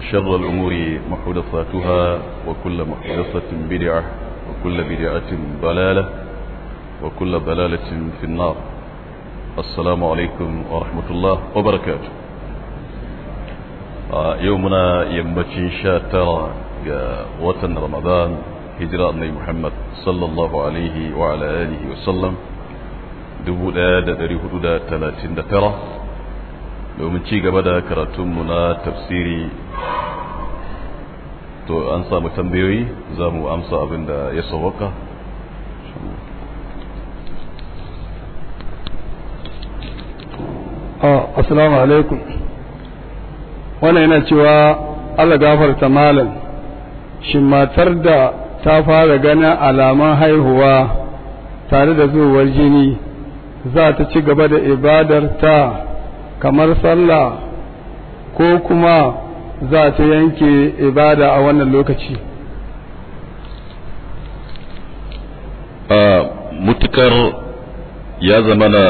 وشر الأمور محدثاتها وكل محدثة بدعة وكل بدعة ضلالة وكل ضلالة في النار السلام عليكم ورحمة الله وبركاته آه، يومنا يمتين شاترا آه، وطن رمضان هجرة النبي محمد صلى الله عليه وعلى آله وسلم دبو دا دري هدودا تلاتين دفرة domin ci gaba da karatunmu na tafsiri to an samu tambayoyi za mu amsa abin da ya sawaka assalamu alaikum wannan yana cewa Allah gafarta malam shin matar da ta fara ganin alaman haihuwa tare da zuwar jini za ta ci gaba da ibadar ta kamar sallah ko kuma za ta yanke ibada a wannan lokaci a mutukar ya zama na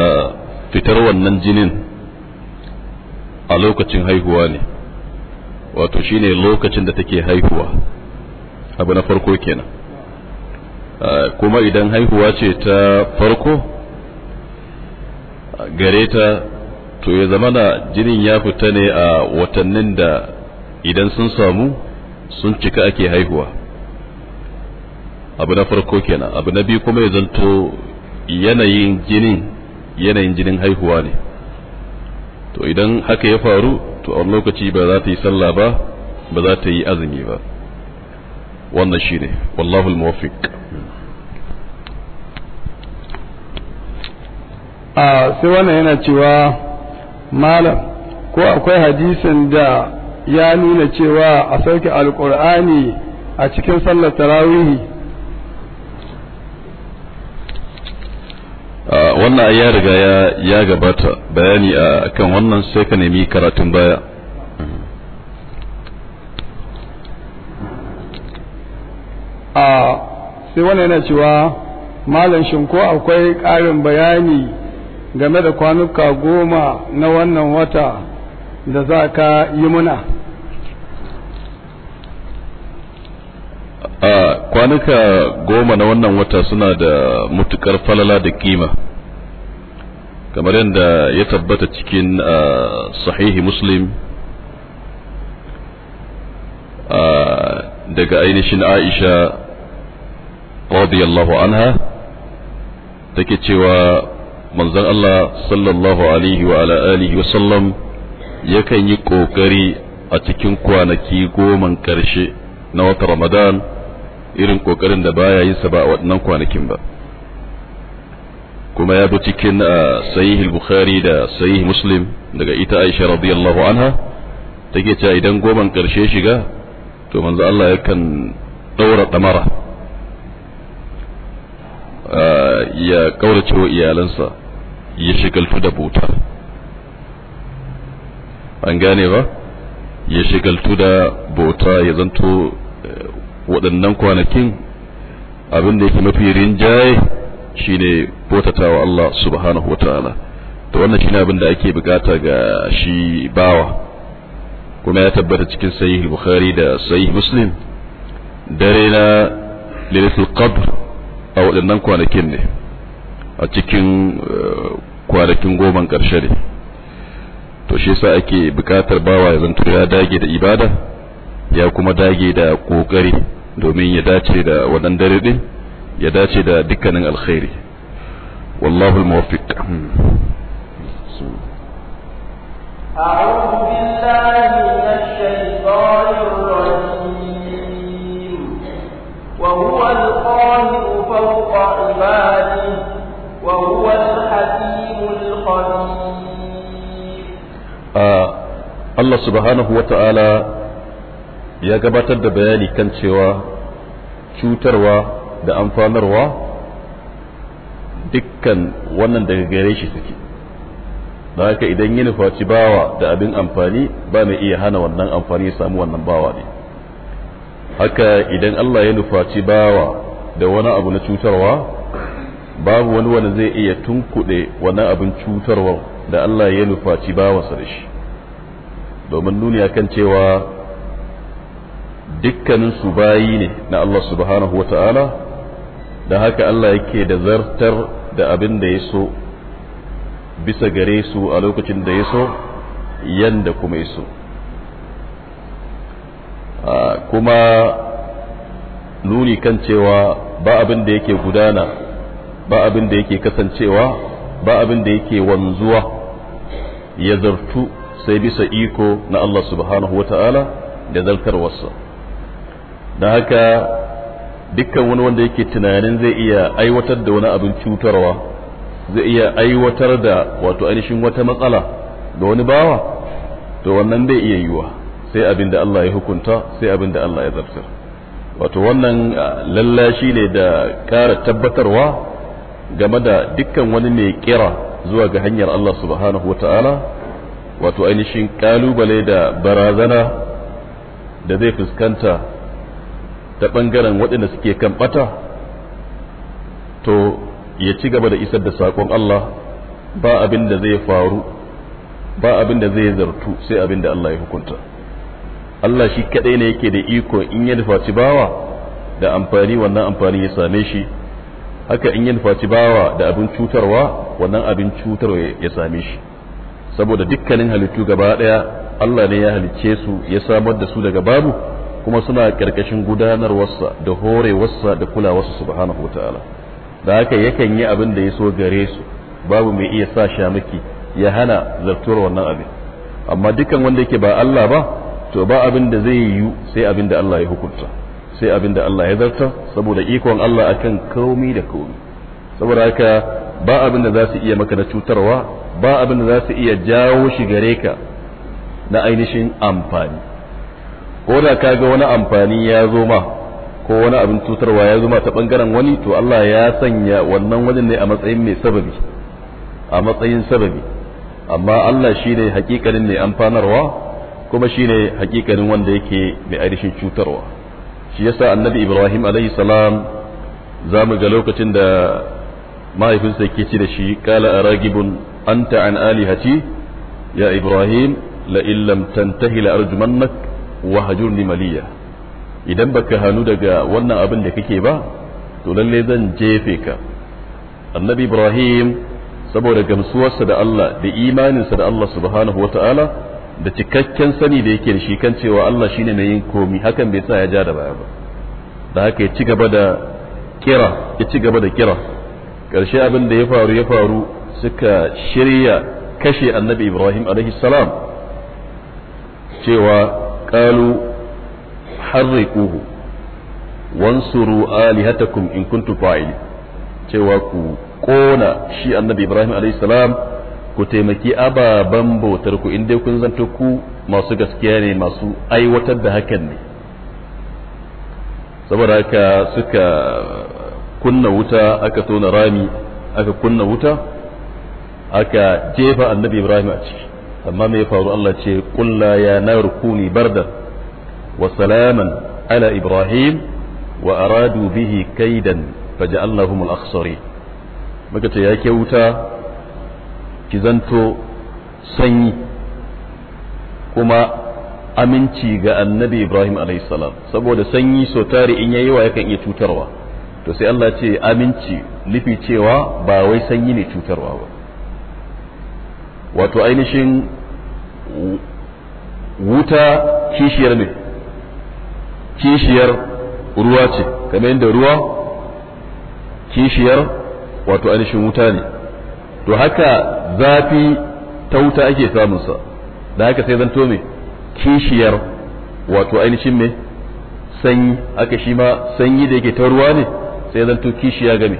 fitar wannan jinin a lokacin haihuwa ne wato shine lokacin da take haihuwa abu na farko kenan kuma idan haihuwa ce ta farko gare ta to ya zama na jinin ya fita ne a watannin da idan sun samu sun cika ake haihuwa abu na farko kenan abu na biyu kuma ya zanto yanayin jinin yanayin jinin haihuwa ne to idan haka ya faru to a lokaci ba za ta yi sallah ba ba za ta yi azumi ba wannan shi ne wallahul muwaffiq a sai wannan yana cewa malam ko akwai hadisin da ya nuna cewa a sauke alkur'ani a cikin sallar tarawihi wannan ya riga ya gabata bayani a kan wannan sai ka nemi karatun baya a sai wannan yana cewa malam shin ko akwai ƙarin bayani game da kwanuka goma na wannan wata da za ka yi muna a kwanuka goma na wannan wata suna da mutukar falala da kima kamar yadda ya tabbata cikin sahihi muslim daga ainihin aisha radiyallahu anha take cewa manzon Allah sallallahu alaihi wa ala alihi wa sallam yakan yi kokari a cikin kwanaki goman karshe na watan Ramadan irin kokarin da baya yin sa ba a waɗannan kwanakin ba kuma ya bi cikin sahih al-bukhari da sahih muslim daga ita Aisha radiyallahu anha take cewa idan goman karshe shiga to manzo Allah yakan daura mara. ya kaurace iyalansa ya shigaltu da bota an gane ba ya shigaltu da bota ya zanto eh, waɗannan kwanakin abin da yake mafi rinjaye shine wa Allah subhanahu wataala to wannan shine abin da ake bukata ga shi bawa kuma ya tabbata cikin sahih bukhari da sahih muslim dare na lailatul qadr a waɗannan kwanakin ne a cikin eh, kwanakin goman ƙarshe ne to shi yasa ake buƙatar bawa ya zanto ya dage da ibada ya kuma dage da ƙoƙari domin ya dace da waɗan dare ɗin ya dace da dukkanin alkhairi wallahu al-muwaffiq وهو القاهر فوق عباده وهو Allah subhanahu wa ta'ala ya gabatar da bayani kan cewa cutarwa da amfanarwa dukkan wannan daga gare shi suke da haka idan yi nufaci bawa da abin amfani ba mai iya hana wannan amfani ya samu wannan bawa ne haka idan Allah ya nufaci bawa da wani abu na cutarwa babu wani wanda zai iya tunkuɗe wani abin cutarwa da Allah ya nufaci bawansa da shi domin nuni kan cewa dukkanin su bayi ne na Allah subhanahu wa ta'ala da haka Allah yake da zartar da abin da ya so bisa gare su a lokacin da ya so yadda kuma ya so kuma nuni kan cewa ba abin da yake gudana ba abin da yake kasancewa ba abin da yake wanzuwa ya zartu sai bisa iko na Allah subhanahu wa ta'ala da zartarwarsa da haka dukkan wani wanda yake tunanin zai iya aiwatar da wani abin cutarwa zai iya aiwatar da wato ainihin wata matsala da wani bawa to wannan zai iya yiwa sai abin da Allah ya hukunta sai abin da Allah ya zartar wato wannan ah, lallashi ne da ƙara tabbatarwa game da dukkan wani mai kira zuwa ga hanyar Allah subhanahu wa ta'ala wato ainihin kalubale da barazana da zai fuskanta ta bangaren waɗanda suke kan ɓata to ya ci gaba da isar da sakon Allah ba abin da zai faru ba abin da zai zartu sai abin da Allah ya hukunta Allah shi kaɗai ne yake da iko in ya nufaci bawa da amfani wannan amfani ya same shi haka in yi nufaci bawa da abin cutarwa wannan abin cutarwa ya same shi saboda dukkanin halittu gaba daya Allah ne ya halicce su ya samar da su daga babu kuma suna ƙarƙashin gudanarwarsa da horewarsa da kulawarsa subhanahu wataala da haka yakan yi abin da ya so gare su babu mai iya sa shamaki ya hana zartuwar wannan abin amma dukkan wanda yake ba Allah ba to ba abin da zai yiwu sai abin da Allah ya hukunta sai abin da Allah ya zarta saboda ikon Allah akan komi da komi saboda haka ba abin da za su iya maka na cutarwa ba abin da za su iya jawo shi gare ka na ainihin amfani ko da ka ga wani amfani ya zo ma ko wani abin cutarwa ya zo ma ta bangaren wani to Allah ya sanya wannan wajen ne a matsayin mai sababi a matsayin sababi amma Allah shi ne hakikalin mai amfanarwa kuma shi ne hakikalin wanda yake mai ainihin cutarwa shi yasa annabi ibrahim alaihi salam za mu ga lokacin da mahaifinsa yake ci da shi kala aragibun anta an alihati ya ibrahim la illam tantahi la arjumannak wa hajurni maliya idan baka hanu daga wannan abin da kake ba to lalle zan jefe ka annabi ibrahim saboda gamsuwarsa da Allah da imaninsa da Allah subhanahu wata'ala da cikakken sani da yake da shi kan cewa Allah ne mai yin komi hakan bai sa ya ja da baya ba da haka ya ci gaba da kira ya ci gaba da kira ƙarshe abin da ya faru ya faru suka shirya kashe annabi Ibrahim alaihi salam cewa qalu harriquhu wansuru alihatakum in kuntum fa'ili cewa ku kona shi annabi Ibrahim alaihi salam ku taimaki ababen bautar ku in dai kun zanto ku masu gaskiya ne masu aiwatar da hakan ne saboda haka suka kunna wuta aka tona rami aka kunna wuta aka jefa annabi ibrahim a ciki amma mai faru Allah ce kulla ya nar kuni bardan wa salaman ala ibrahim wa aradu bihi kaidan faja'alnahum al-akhsarin muka ce ya ke wuta ki zanto sanyi kuma aminci ga annabi Ibrahim salam saboda sanyi so tare in yayi wa yakan iya cutarwa to sai Allah ce aminci lifi cewa ba wai sanyi ne cutarwa ba wato ainihin wuta kishiyar ne kishiyar ruwa ce kamar yadda ruwa kishiyar wato ainihin wuta ne to haka zafi ta wuta ake samun sa da haka sai zanto me kishiyar wato ainihin me sanyi aka shi ma sanyi da yake ta ruwa ne sai zanto kishiya game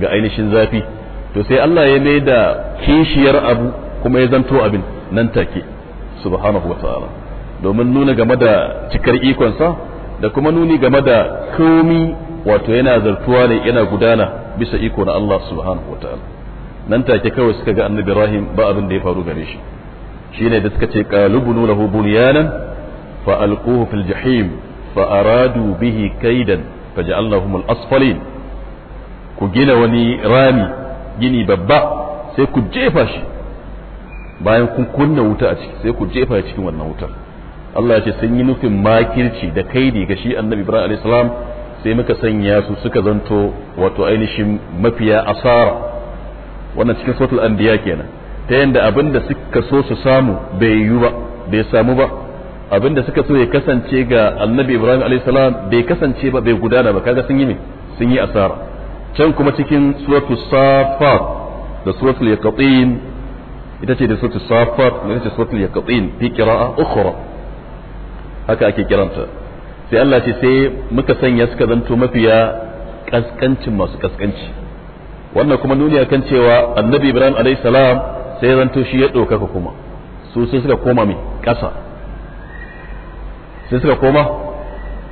ga ainihin zafi to sai Allah ya mai da kishiyar abu kuma ya zanto abin nan take subhanahu wa ta'ala domin nuna game da cikar ikonsa da kuma nuni game da komi wato yana zartuwa ne yana gudana bisa iko na Allah subhanahu wa ta'ala nan take kawai suka ga annabi Ibrahim ba abin da ya faru gare shi shine da suka ce qalubunu lahu bunyanan fa alquhu fil jahim fa aradu bihi kaidan faj'alnahum al asfalin ku gina wani rami gini babba sai ku jefa shi bayan kun kunna wuta a ciki sai ku jefa cikin wannan wutar Allah ya ce sun yi nufin makirci da kaidi ga shi annabi Ibrahim alaihi salam sai muka sanya su suka zanto wato ainihin mafiya asara wannan cikin suratul anbiya kenan ta yanda abin da suka so su samu bai yiwu ba bai samu ba abin da suka so ya kasance ga annabi ibrahim alaihissalam bai kasance ba bai gudana ba kaga sun yi me sun yi asara can kuma cikin suratu safat da suratul yaqatin ita ce da suratul safat da ita ce suratul yaqatin fi qira'a ukhra haka ake kiranta sai Allah ce sai muka sanya suka zanto mafiya kaskancin masu kaskanci wannan kuma nuni akan cewa annabi ibrahim alayhi salam sai zanto shi ya ɗaukaka kuma su sai suka koma mai ƙasa sai suka koma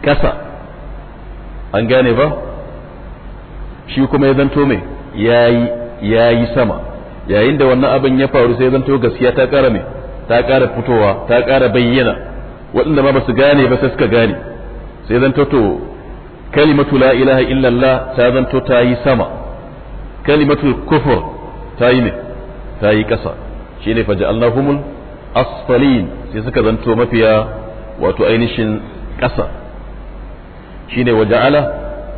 ƙasa an gane ba shi kuma ya zanto mai yayi yayi sama yayin da wannan abin ya faru sai zanto gaskiya ta ƙara mai ta ƙara fitowa ta ƙara bayyana waɗanda ma ba su gane ba sai suka gane sai zanto to kalimatu la ilaha illallah ta zanto ta yi sama kalimatul kufur ta yi ne ta yi ƙasa shi ne faji allahumul asfalin sai suka zanto mafiya wato ainihin ƙasa shi ne waje ala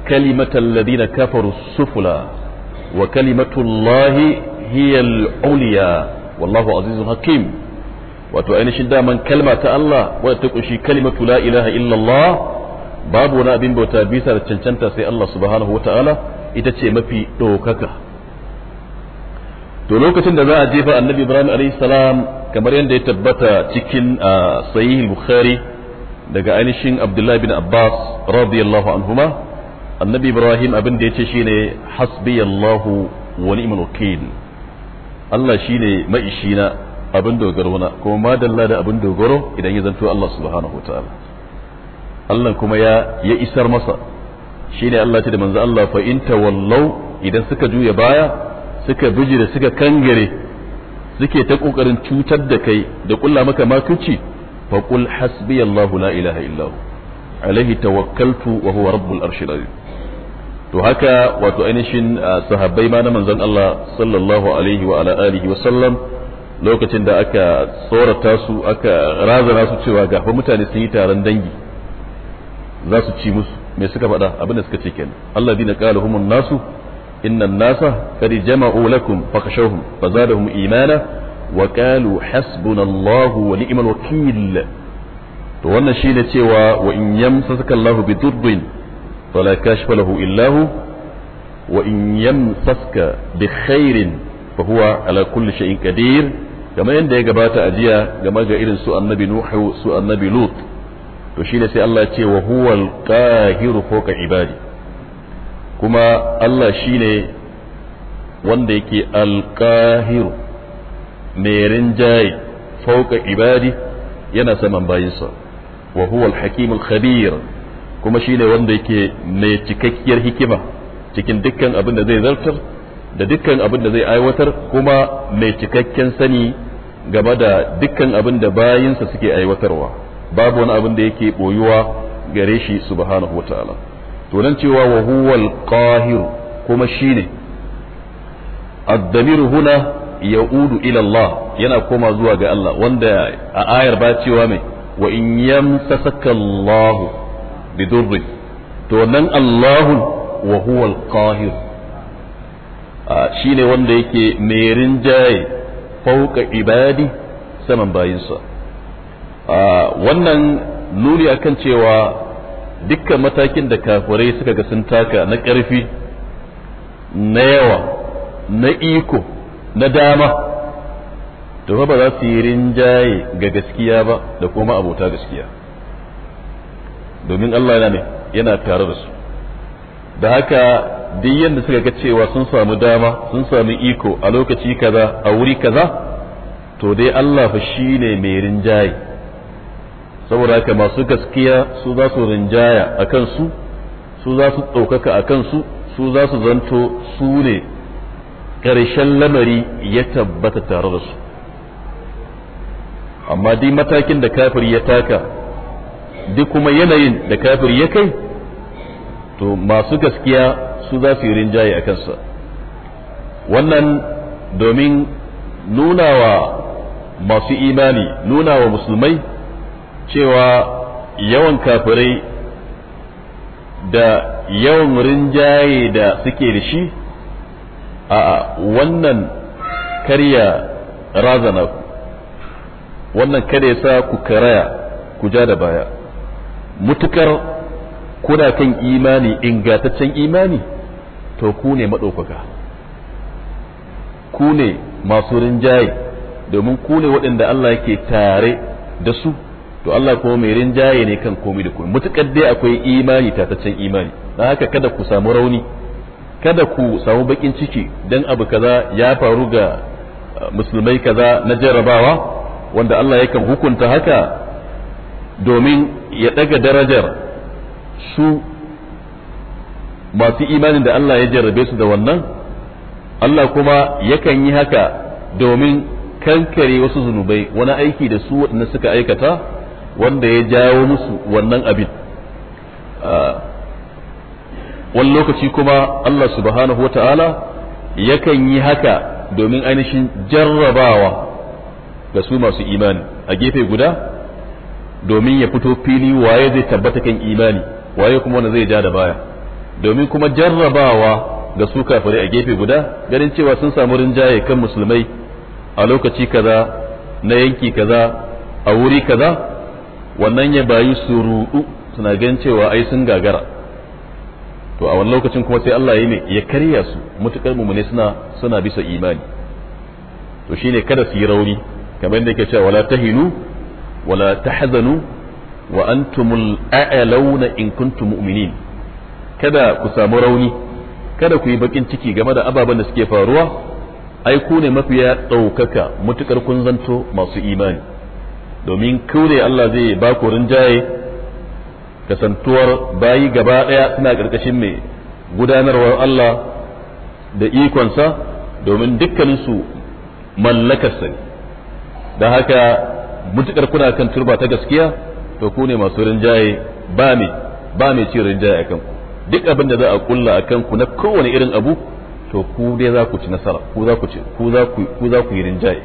kalimatal ladina kafaru sufula wa kalimatullahi hiyal uliya wallahu azizun hakim wato ainihin daman kalma ta Allah wadda ta kunshi kalimatu la ilaha illallah babu wani abin bauta bisa da cancanta sai Allah subhanahu wa ta'ala ita ce mafi ɗaukaka to lokacin da za a jefa annabi ibrahim alaihi salam kamar yadda ya tabbata cikin sahih bukhari daga ainihin abdullahi bin abbas radiyallahu anhuma annabi ibrahim abin da ya ce shine hasbiyallahu wa ni'mal wakil Allah shine maishina abin dogaro na kuma madalla da abin dogaro idan ya zanto Allah subhanahu wa ta'ala Allah kuma ya ya isar masa shine Allah ce da manzo Allah fa in tawallau idan suka juya baya suka da suka kangare suke ta kokarin cutar da kai da kulla maka makuci fa qul hasbiyallahu la ilaha illahu alaihi tawakkaltu wa huwa rabbul arshil azim to haka wato ainihin sahabbai ma na manzon Allah sallallahu alaihi wa ala alihi wa sallam lokacin da aka tsorata su aka razana su cewa ga mutane sun yi taron dangi za su ci musu me suka faɗa abinda suka ce kenan alladina qala humun nasu innan nasa kari jama'u lakum fakhshawhum fazadahum imana wa qalu hasbunallahu wa ni'mal wakil to wannan shine cewa wa in yamsaka Allahu bi dhurrin fala kashfa lahu illa hu wa in yamsaka bi khairin fa huwa ala kulli shay'in qadir kamar yadda ya gabata a jiya game ga irin su annabi nuhu su annabi lut to shine sai Allah ya ce wa huwal qahiru fawqa ibadi kuma Allah shine wanda yake alqahiru mai rinjaye fawqa ibadi yana saman bayinsa wa huwal hakimul khabir kuma shine wanda yake mai cikakkiyar hikima cikin dukkan abin da zai zartar da dukkan abin da zai aiwatar kuma mai cikakken sani game da dukkan abin da bayinsa suke aiwatarwa babu wani abin da yake boyuwa gare shi subhanahu wataala to nan cewa wa huwal qahir kuma shine ad-damir huna ya'udu ila Allah yana koma zuwa ga Allah wanda a ayar ba cewa mai wa in yamsasaka Allah bidurri to nan Allahu wa huwal qahir shine wanda yake mai rinjaye fauka ibadi saman bayinsa wannan nuni akan cewa dukkan matakin da kafirai suka ga sun taka na ƙarfi na yawa na iko na dama to ba za su yi rinjaye ga gaskiya ba da kuma abota gaskiya domin Allah yana ne yana tare da su da haka duk yadda suka ga cewa sun samu dama sun samu iko a lokaci kaza a wuri kaza to dai Allah fa shine mai rinjaye saboda haka masu gaskiya su za su rinjaya a kansu su za su ɗaukaka a kansu su za su zanto su ne ƙarshen lamari ya tabbata tare da su amma dai matakin da kafir ya taka duk kuma yanayin da kafir ya kai to masu gaskiya su za su yi rinjaye a kansa wannan domin nunawa masu imani nunawa musulmai cewa yawan kafirai da yawan rinjaye da suke da shi a wannan karya razana ku wannan kada ya sa ku karaya ku ja da baya mutukar kuna kan imani ingantaccen imani to ku ne maɗaukaka ku ne masu rinjaye domin ku ne waɗanda Allah yake tare da su to Allah kuma mai rinjaye ne kan komai da komai mutukar dai akwai imani tataccen imani dan haka kada ku samu rauni kada ku samu bakin ciki dan abu kaza ya faru ga uh, musulmai kaza na jarabawa wanda Allah yakan hukunta haka domin ya daga darajar su masu imanin da Allah ya jarrabe su da wannan Allah kuma yakan yi haka domin kankare wasu zunubai wani aiki da su waɗanda suka aikata wanda ya jawo musu wannan abin wani lokaci kuma Allah subhanahu wa ta'ala yakan yi haka domin ainihin jarrabawa ga su masu imani a gefe guda domin ya fito fili waye zai tabbata kan imani waye kuma wanda zai ja da baya domin kuma jarrabawa ga su kafirai a gefe guda ganin cewa sun samu rinjaye kan musulmai a lokaci kaza na yanki kaza a wuri kaza wannan ya bayu su ruɗu suna gan cewa ai sun gagara to a wani lokacin kuma sai Allah ya ne ya karya su mutukar mumune suna suna bisa imani to shine kada su yi rauni kamar yadda yake cewa wala tahinu wala tahzanu wa antumul a'launa in kuntum mu'minin kada ku samu rauni kada ku yi bakin ciki game da ababen da suke faruwa ai ku ne mafiya ɗaukaka mutukar kun zanto masu imani domin kaure Allah zai ba ku rinjaye kasantuwar bayi gaba ɗaya suna ƙarƙashin mai gudanarwar Allah da ikonsa domin dukkaninsu mallakar sa da haka mutukar kuna kan turba ta gaskiya to ku ne masu rinjaye ba ne ba mai ci rinjaye akan ku duk abin da za a kulla akan ku na kowane irin abu to ku dai za ku ci nasara ku za ku ci ku za ku ku za ku yi rinjaye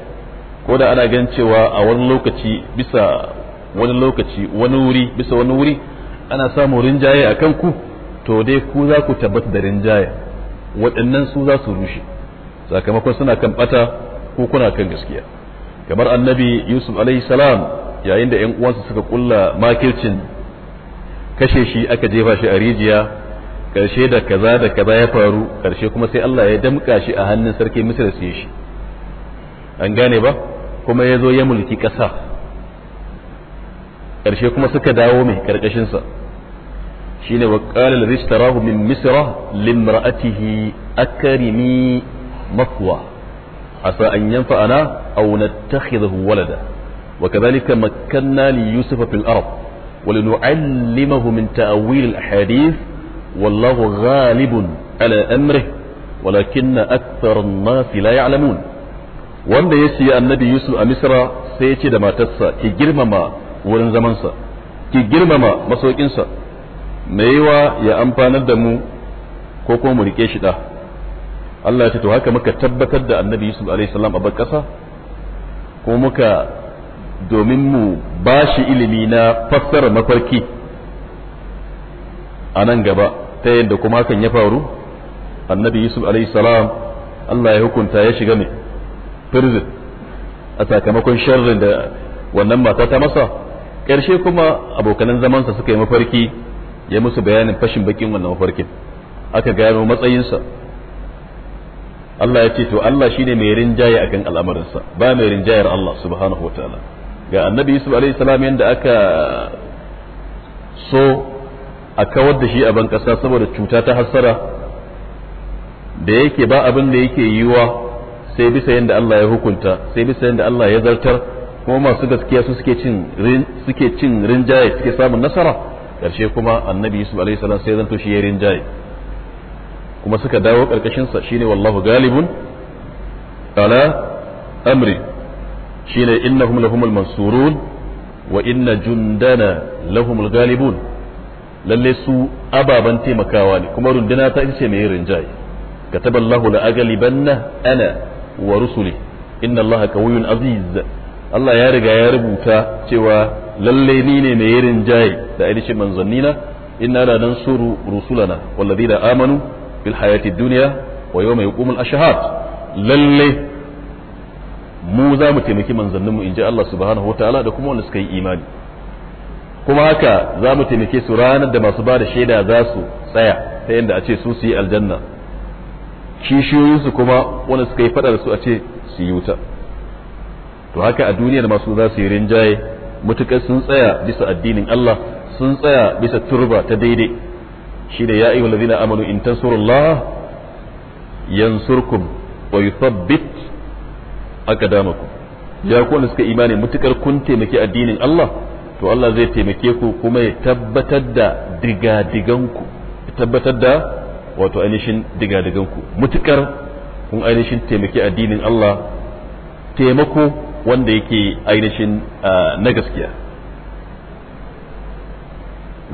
ko da ana gan cewa a wani lokaci bisa wani lokaci wani wuri bisa wani wuri ana samun rinjaye a kanku to dai ku za ku tabbata da rinjaye waɗannan su za su rushe sakamakon suna kan ɓata ko kuna kan gaskiya kamar annabi yusuf alaihi salam yayin da yan uwansa suka kulla makircin kashe shi aka jefa shi a rijiya karshe da kaza da kaza ya faru karshe kuma sai Allah ya damƙa shi a hannun Sarkin sarki misir yi shi an gane ba kuma ya zo ya mulki ƙasa ƙarshe kuma suka dawo mai ƙarƙashinsa shi ne waƙalar da zai tarahu min misra limra'atihi akarimi makwa asa an yanfa ana aw nattakhidhu walada wa kadhalika makanna li yusufa fil arab wa li nu'allimahu min ta'wil al ahadith wallahu ghalibun ala amrihi walakinna akthara an-nas la ya'lamun wanda ya siya annabi yusuf a misra sai ya ce da matarsa ki girmama wurin zamansa ki girmama masaukinsa yi wa ya amfanar da mu ko kuma mu rike shi da Allah ya ce to haka muka tabbatar da annabi yusuf alaihi salam a bar kasa kuma muka domin mu ba shi ilimi na fassara mafarki a nan gaba ta yadda kuma hakan ya faru annabi yusuf alaihi salam Allah ya hukunta ya shiga ne prison a sakamakon sharrin da wannan mata ta masa ƙarshe kuma abokanan zamansa suka yi mafarki ya musu bayanin fashin bakin wannan mafarkin aka gano matsayinsa Allah ya ce to Allah shine mai rinjaye akan al'amarinsa ba mai rinjayar Allah subhanahu wataala ga annabi Yusuf alaihi salam yanda aka so a kawar da shi a ban kasa saboda cuta ta hassara da yake ba abin da yake yiwa sai bisa yadda Allah ya hukunta sai bisa yadda Allah ya zartar kuma masu gaskiya su suke cin suke cin rinjaye suke samun nasara karshe kuma annabi Yusuf alaihi salam sai zanto shi ya rinjaye kuma suka dawo karkashin sa shine wallahu galibun ala amri shine innahum lahumul mansurun wa inna jundana lahumul galibun lalle su ababan taimakawa ne kuma runduna ta ce mai rinjaye كتب الله لأغلبن أنا wa rusuli inna allaha qawiyyun aziz Allah ya riga ya rubuta cewa lalle ni ne mai yarin jayi da ainihin manzannina inna la nansuru rusulana walladina amanu fil hayati dunya wa yawma yaqumul ashhad lalle mu za mu taimaki manzanninmu in ji Allah subhanahu wa da kuma wanda suka yi imani kuma haka za mu taimake su ranar da masu ba da shaida za su tsaya ta yadda a ce su su yi aljanna kishiyoyinsu kuma wanda suka yi fada da su a ce su yi wuta to haka a duniyar masu za su yi rinjaye mutukar sun tsaya bisa addinin Allah sun tsaya bisa turba ta daidai shi da ya wani zina amanu in ta tansurullah yansurkum wa dama ku ya ku wanda suka imani mutukar kun taimaki addinin Allah to Allah zai taimake ku kuma ya tabbatar da digadiganku ya tabbatar da wato ainihin ku mutukar kun ainihin taimaki addinin Allah taimako wanda yake ainihin ah, na gaskiya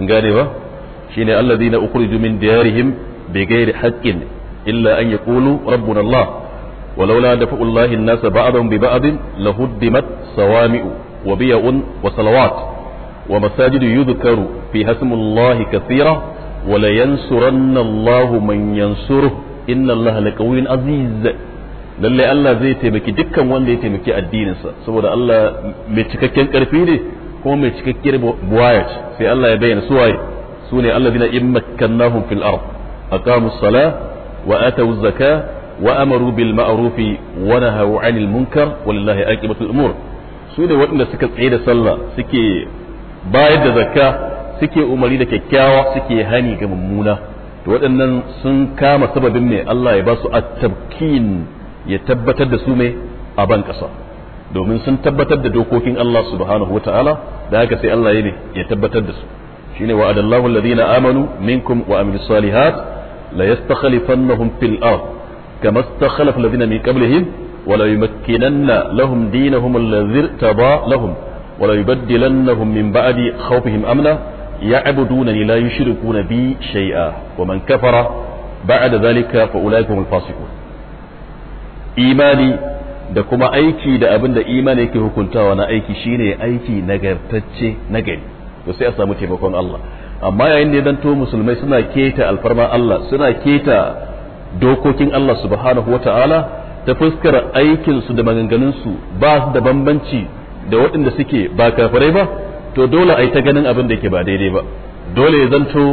gane ba shine alladhina ukhriju min diyarihim bighairi haqqin illa an yaqulu rabbuna Allah ولولا دفع الله الناس بعضهم ببعض لهدمت صوامع وبيع وصلوات ومساجد يذكر فيها اسم الله كثيرا wala yansuranna Allahu man yansuru inna Allaha laqawiyyun lalle Allah zai taimaki dukkan wanda ya taimaki addininsa saboda Allah mai cikakken karfi ne kuma mai cikakkiyar buwaya sai Allah ya bayyana waye. su ne zina in makkannahum fil ard aqamu sala wa atawu zaka wa amaru bil ma'rufi wa nahawu 'anil munkar walillahi aqibatul umur su ne waɗanda suka tsaye da sallah suke bayar da zakka suke umari da kyakkyawa suke hani ga mummuna to waɗannan sun kama sababin mai Allah ya ba su at-tabkin ya tabbatar da su mai a ban ƙasa domin sun tabbatar da dokokin Allah subhanahu wata'ala da haka sai Allah ya ne ya tabbatar da su shine wa'adallahu alladhina amanu minkum wa amilus salihat la yastakhlifannahum fil ardh كما استخلف الذين من قبلهم وليمكنن لهم دينهم الذي ارتضى لهم وليبدلنهم من بعد خوفهم امنا ya'budunani la yushrikuna bi shay'a wa man kafara ba'da zalika fa ulaika hum fasiqun imani da kuma aiki da abin da imani yake hukuntawa na aiki shine aiki nagartacce nagari to sai a samu taimakon Allah amma yayin da ya musulmai suna keta alfarma Allah suna keta dokokin Allah subhanahu wata'ala ta fuskar aikinsu da maganganunsu ba su da bambanci da waɗanda suke ba kafirai ba to dole a yi ta ganin abin da yake ba daidai ba dole ya zanto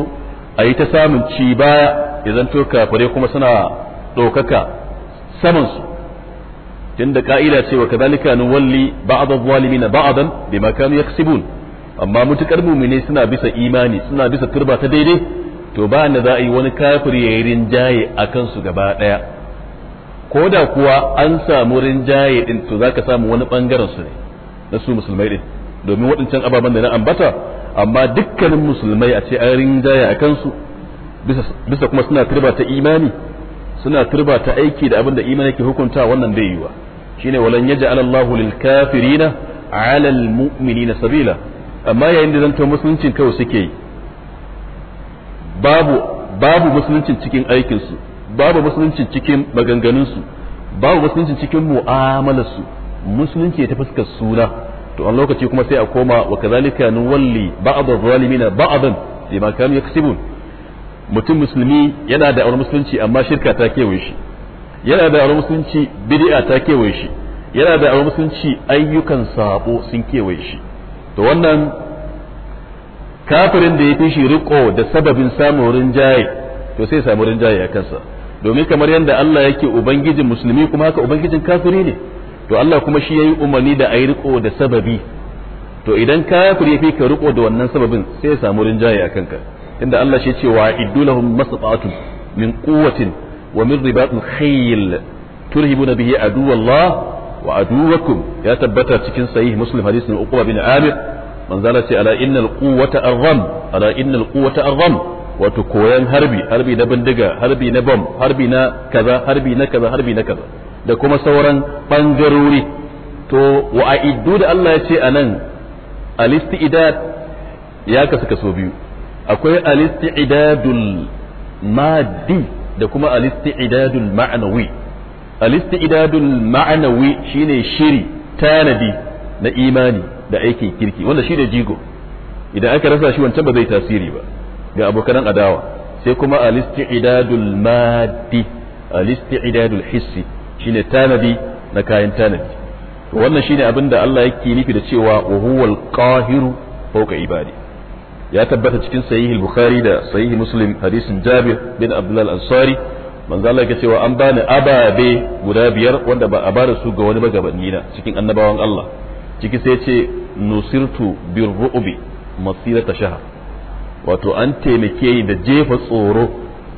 a yi ta samun ci baya ya zanto kafare kuma suna ɗaukaka samansu tunda ka'ida ce wa kadhalika nuwalli na adh-dhalimin ba'dan bima kanu bun. amma mutukar mumine suna bisa imani suna bisa turba ta daidai to ba na za a yi wani ya yi rinjaye a su gaba ɗaya. ko da kuwa an samu rinjaye din to za ka samu wani ɓangaren su ne na su musulmai din domin waɗancan ababen da na ambata amma dukkanin musulmai a ce an rinjaya a kansu bisa kuma suna turba ta imani suna turba ta aiki da abin da imani ke hukunta wannan bai yiwa shine walan yaj'al Allahu lil kafirina 'ala al mu'minina sabila amma yayin da zanto musuluncin kawai suke yi babu babu musuluncin cikin aikinsu babu musuluncin cikin maganganunsu babu musuluncin cikin mu'amalarsu musulunci ta fuskar suna to an lokaci kuma sai a koma wa kazalika nuwalli ba'd adh-dhalimina ba'dan bima kanu yaksibun mutum musulmi yana da aure musulunci amma shirka ta kewaye shi yana da aure musulunci bid'a ta kewaye shi yana da aure musulunci ayyukan sabo sun kewaye shi to wannan kafirin da ya fi shi riko da sababin samun rinjaye to sai samu rinjaye a kansa domin kamar yadda Allah yake ubangijin musulmi kuma haka ubangijin kafiri ne to Allah kuma shi yayi umarni da ayi riko da sababi to idan ka kuri fi ka riko da wannan sababin sai ya samu rinjaye a kanka inda Allah shi ce wa iddu lahum mastata'atun min quwwatin wa min ribatil khayl turhibuna bihi aduwallah wa aduwakum ya tabbata cikin sahih muslim hadisin uqba bin amir manzala ce ala innal quwwata arram ala innal quwwata arram wato koyan harbi harbi na bindiga harbi na bom harbi na kaza harbi na kaza harbi na kaza da kuma sauran ɓangarori to wa wa'iddu da Allah ya ce a nan alisti'idad ya kasu kaso biyu akwai alisti'idadul maddi da kuma alisti'idadul ma'anawi alisti'idadul ma'anawi shine shiri tanadi na imani da aikin kirki wanda shi da jigo idan aka rasa shi wancan ba zai tasiri ba ga abokan adawa sai kuma alisti'idadul maddi alisti'idadul hissi shine tanadi na kayan tanadi to wannan shine abin da Allah yake nufi da cewa wa huwal qahiru fawqa ibadi ya tabbata cikin sahihul bukhari da sahih muslim hadisin jabir bin abdullah al-ansari manzo Allah yake cewa an bani ababe guda biyar wanda ba a ba da su ga wani magabanni na cikin annabawan Allah ciki sai ce nusirtu bir ru'bi masirata shahar wato an taimake da jefa tsoro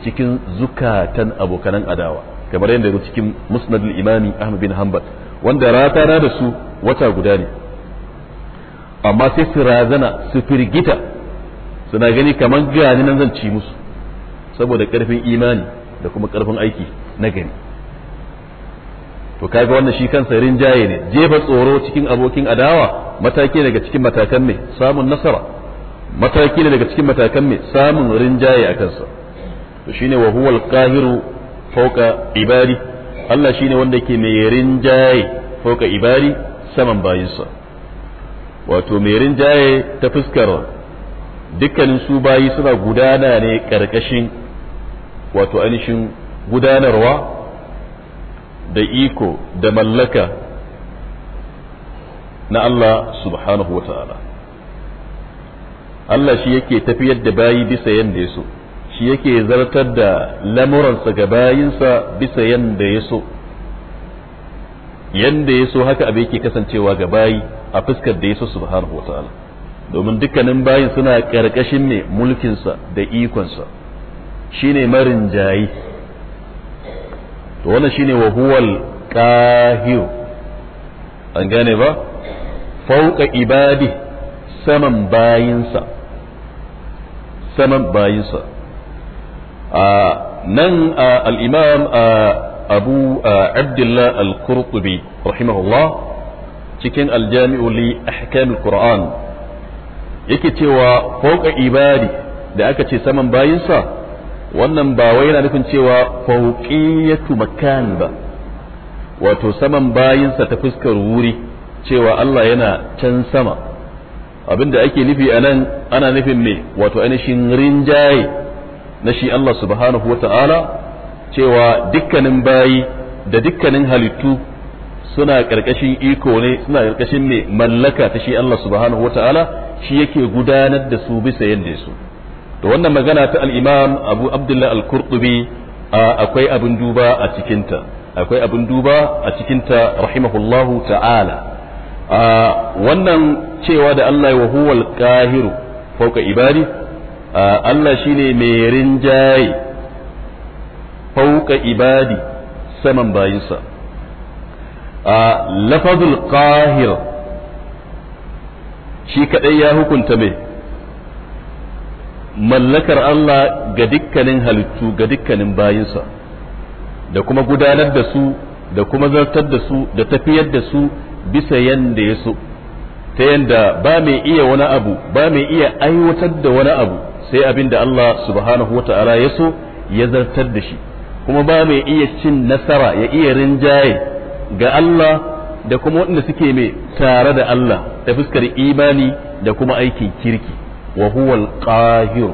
cikin zukatan abokanan adawa kamar yadda yazo cikin musnad imami ahmad bin hanbal wanda na da su wata guda ne amma sai su razana su firgita suna gani kamar gani nan zan ci musu saboda karfin imani da kuma karfin aiki na gani to kaga wannan shi kansa rinjaye ne jefa tsoro cikin abokin adawa mataki daga cikin matakan mai samun nasara mataki daga cikin matakan mai samun rinjaye a kansa to shine wa huwal qahiru fauka ibari Allah shine wanda ke mai rinjaye fauka ibari saman bayinsa wato mai rinjaye ta fuskar dukkanin su bayi suna gudana ne karkashin wato ainihin gudanarwa da iko da mallaka na Allah subhanahu wa ta'ala Allah shi yake tafiyar da bayi bisa yadda ya so shi yake zartar da lamuransa ga bayinsa bisa yanda ya so yanda ya so haka abu yake kasancewa ga bayi a fuskar da ya so subhanahu wataala domin dukkanin bayin suna ƙarƙashin ne mulkinsa da ikonsa shine marin jayi to wannan shine wahuwal wahuwal qahir an gane ba fauka ibadi saman bayinsa saman bayinsa nan al-imam abu abdullah al-qurtubi rahimahullah cikin aljami'u li ahkam al-qur'an yake cewa fauka ibadi da aka ce saman bayinsa wannan ba wai yana nufin cewa fauqiyatu makan ba wato saman bayinsa ta fuskar wuri cewa Allah yana can sama abinda ake nufi a nan ana nufin me wato ainihin rinjaye na shi Allah subhanahu wa ta'ala cewa dukkanin bayi da dukkanin halittu suna ƙarƙashin iko ne suna ƙarƙashin ne mallaka ta shi Allah subhanahu wa ta'ala shi yake gudanar da su bisa yadda su to wannan magana ta alimam abu abdullah al-qurtubi akwai abin duba a cikinta akwai abin duba a cikinta rahimahullahu ta'ala wannan cewa da Allah ya huwal qahiru fawqa ibadi Allah shi ne mai rinjaye fauka ibadi saman bayinsa lafazul qahir shi kaɗai ya hukunta mai mallakar Allah ga dukkanin halittu ga dukkanin bayinsa da kuma gudanar da su da kuma zartar da su da tafiyar da su bisa yanda ya so ta yanda ba mai iya wani abu ba mai iya aiwatar da wani abu sai abin da Allah subhanahu wa ta'ala ya so ya zartar da shi kuma ba mai iya cin nasara ya iya rinjaye ga Allah da kuma waɗanda suke mai tare da Allah da fuskar imani da kuma aikin kirki wa huwal qahir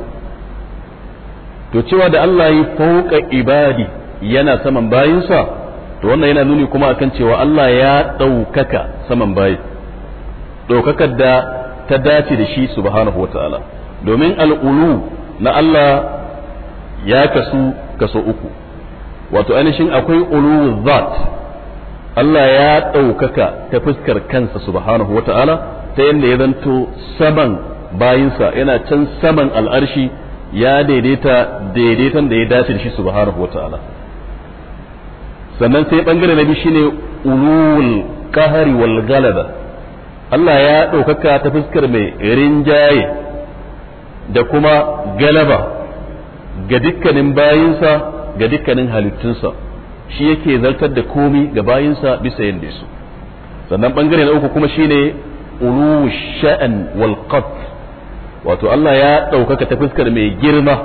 to cewa da Allah yi fauka ibadi yana saman bayinsa to wannan yana nuni kuma akan cewa Allah ya ɗaukaka saman bayi ɗaukakar da ta dace da shi subhanahu wa ta'ala domin al'ulu na Allah ya kasu kaso uku wato ainihin akwai ulu zat Allah ya ɗaukaka ta fuskar kansa subhanahu wata'ala ta yadda ya zanto saman bayinsa yana can saman al'arshi ya daidaita daidaitan da ya dace da shi subhanahu wata'ala sannan sai bangare na biyu shine ulul qahari wal galaba Allah ya ɗaukaka ta fuskar mai rinjaye da kuma galaba ga dukkanin bayinsa ga dukkanin halittunsa shi yake zartar da komi ga bayinsa bisa yadda su sannan bangare na uku kuma shine ulu sha'an wal wato Allah ya ɗaukaka ta fuskar mai girma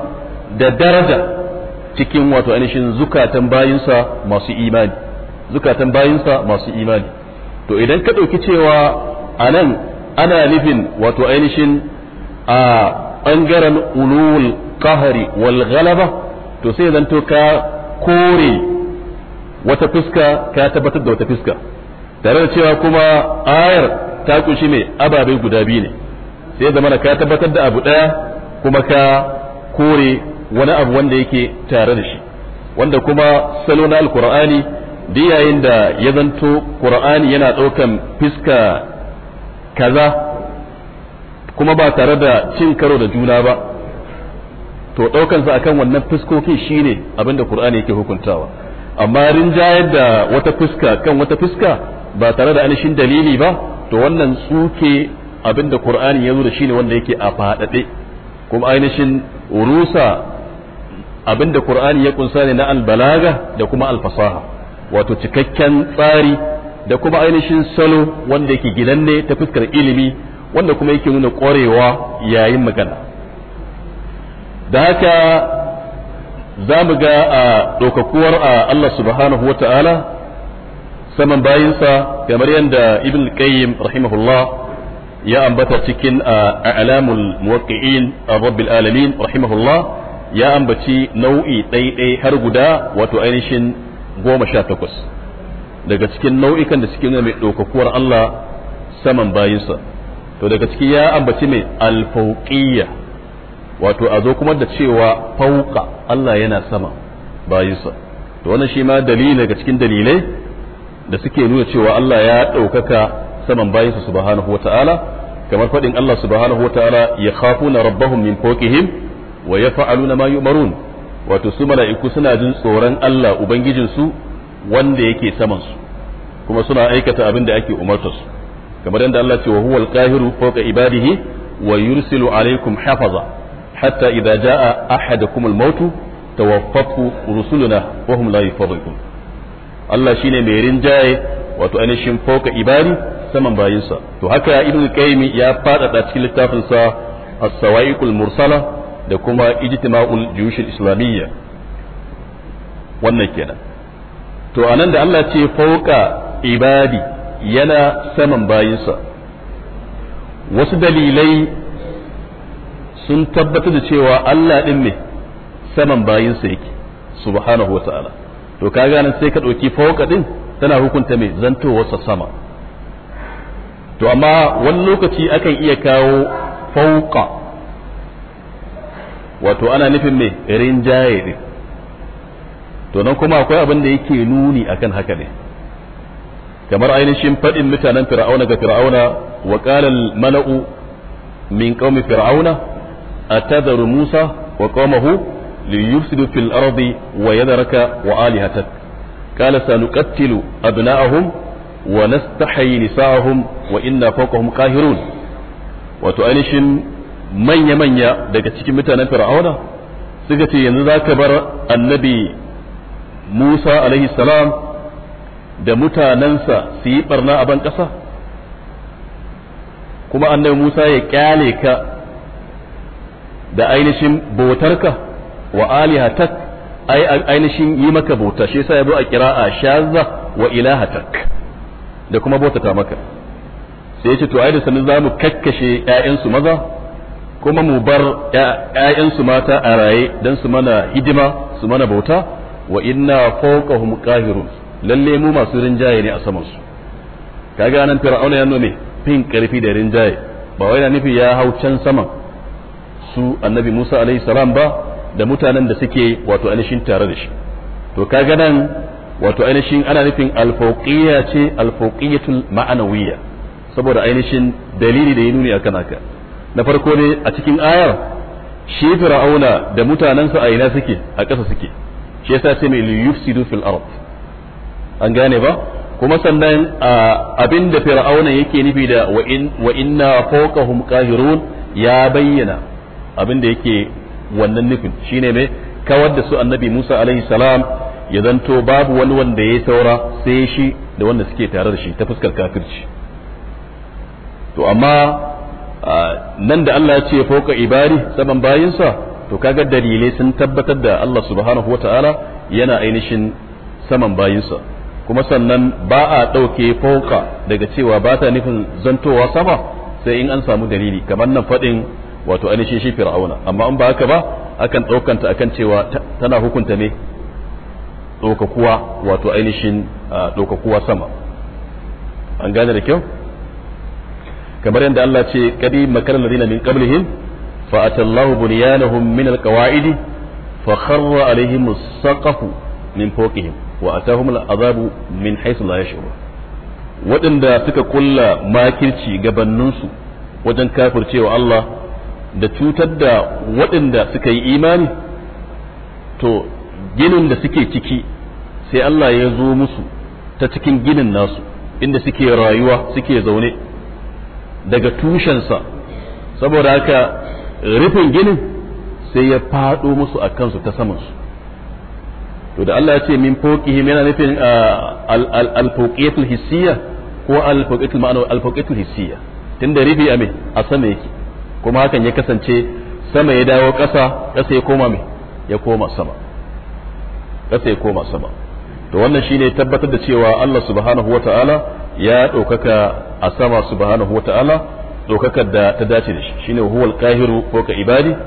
da daraja cikin wato ainihin zukatan bayinsa masu imani zukatan bayinsa masu imani to idan ka ɗauki cewa a nan ana nufin wato ainihin a ah, bangaren ulul kahari wal ghalaba to sai zanto ka kore wata fuska ka tabbatar da wata fuska tare da cewa kuma ayar ta kunshi mai ababe guda biyu ne sai zamana ka tabbatar da abu ɗaya kuma ka kore wani abu wanda yake tare da shi wanda kuma salo na alkur'ani da yayin da ya zanto qur'ani yana ɗaukan fiska kaza kuma ba tare da cin karo da juna ba to ɗaukansa akan wannan fuskokin shine abinda Qur'ani yake hukuntawa amma rinjayar da wata fuska kan wata fuska ba tare da anishin dalili ba to wannan tsuke abinda Qur'ani ya zo da shine wanda yake a faɗaɗe kuma ainihin rusa abinda Qur'ani ya kunsa ne na albalaga da kuma alfasaha wato cikakken tsari da kuma ainihin salo wanda yake gidanne ta fuskar ilimi wanda kuma yake nuna ƙwarewa yayin magana da haka za mu ga a ɗaukakuwar a Allah subhanahu wa ta'ala saman bayinsa kamar yadda ibn qayyim rahimahullah ya ambata cikin a alamul muwaƙi'in a rabbil alamin rahimahullah ya ambaci nau'i ɗaiɗai har guda wato ainihin goma sha takwas daga cikin nau'ikan da cikin mai ɗaukakuwar Allah saman bayinsa to daga ciki ya ambaci mai alfauqiyya wato a zo kuma da cewa fauka Allah yana sama bayinsa to wannan shi ma dalili daga cikin dalilai da suke nuna cewa Allah ya ɗaukaka saman bayinsa subhanahu ta'ala kamar faɗin Allah subhanahu ta'ala ya na rabbahum min him wa yaf'aluna ma yu'marun wato su mala'iku suna jin tsoron Allah ubangijinsu wanda yake saman su kuma suna aikata abin da ake umartar kamar yadda Allah ce wa huwa al-qahiru fawqa ibadihi wa yursilu alaykum hafaza hatta idza jaa ahadakum al-mautu tawaffatu rusuluna wa hum la yufarriqun Allah shine mai rinjaye wato ainihin fawqa ibadi saman bayinsa to haka ibn qayyim ya fadada cikin littafin sa as-sawaiqul mursala da kuma ijtima'ul juyush islamiyya wannan kenan to anan da Allah ce fawqa ibadi yana saman bayinsa wasu dalilai sun tabbatar da cewa Allah ɗin ne saman bayinsa yake subhanahu wa ta'ala to ka gane sai ka ɗauki fawaka ɗin tana hukunta mai zantowarsa sama to amma wani lokaci akan iya kawo fauka wato ana nufin mai rinjaye ɗin to nan kuma akwai abin da yake nuni akan haka ne kamar ainihin faɗin mutanen fir'auna ga fir'auna wa malau min qaumi fir'auna atadharu musa wa qaumahu liyufsidu fil ardi wa yadhraka wa alihatak qala sanuqattilu abna'ahum wa nastahyi nisa'ahum wa inna fawqahum qahirun wato ainihin manya manya daga cikin mutanen fir'auna suka ce yanzu zaka bar annabi Musa alaihi salam da mutanensa su yi barna a ban ƙasa kuma annabi Musa ya ƙyale ka da ainihin bautarka wa alihatak ai ainihin yi maka bauta shi yasa yabo a kira'a shazza wa ilahatak da kuma bautata maka sai ya to ai da sanin zamu kakkashe ƴaƴansu maza kuma mu bar ƴaƴansu mata a raye dan su mana hidima su mana bauta wa inna fawqahum qahirun lalle mu masu rinjaye ne a saman su kaga nan fir'auna ya nome fin karfi da rinjaye ba wai na nufi ya hau can saman su annabi Musa alaihi salam ba da mutanen da suke wato ainihin tare da shi to kaga nan wato ainihin ana nufin alfauqiyya ce alfauqiyatul ma'anawiyya saboda ainihin dalili da ya nuni akan haka na farko ne a cikin ayar shi fir'auna da mutanensa a ina suke a ƙasa suke shi yasa ce mai yufsidu fil ard an gane ba kuma sannan abin da fir'auna yake nufi da wa inna fawqahum qahirun ya bayyana abin da yake wannan nufin shine mai kawar da su annabi Musa alaihi salam ya zanto babu wani wanda ya saura sai shi da wanda suke tare da shi ta fuskar kafirci to amma nan da Allah ya ce fawqa ibari saban bayinsa to kaga dalilai sun tabbatar da Allah subhanahu wataala yana ainihin saman bayinsa kuma sannan ba a ɗauke fauka daga cewa ba ta nufin zantowa sama sai in an samu dalili kamar nan faɗin wato ainihin shi fir'auna amma in ba haka ba akan ɗaukanta akan cewa tana hukunta ne ɗaukakuwa wato ainihin ɗaukakuwa sama an gane da kyau kamar yadda Allah ce kadi makarar ladina min qablihim fa atallahu bunyanahum min alqawaidi fa kharra alaihim as-saqafu min fawqihim wa atahum azabu min haythu la yashuru waɗanda suka kulla makirci gabanninsu wajen kafircewa Allah da cutar da waɗanda suka yi imani to ginin da suke ciki sai Allah ya zo musu ta cikin ginin nasu inda suke rayuwa suke zaune daga tushensa saboda haka rufin ginin sai ya faɗo musu a kansu ta samansu to da Allah ya ce min fawqihim yana nufin ah, al-fawqiyatul hissiyya ko al-fawqiyatul ma'anawi al-fawqiyatul hissiyya tunda rifi a me a sama yake kuma hakan ya kasance sama ya dawo ƙasa ƙasa ya koma me ya koma sama ƙasa ya koma sama to wannan shine tabbatar da cewa Allah subhanahu wata'ala ya ɗaukaka a sama subhanahu ta'ala ɗaukakar da ta dace da shi shine huwal kahiru ko ka ibadi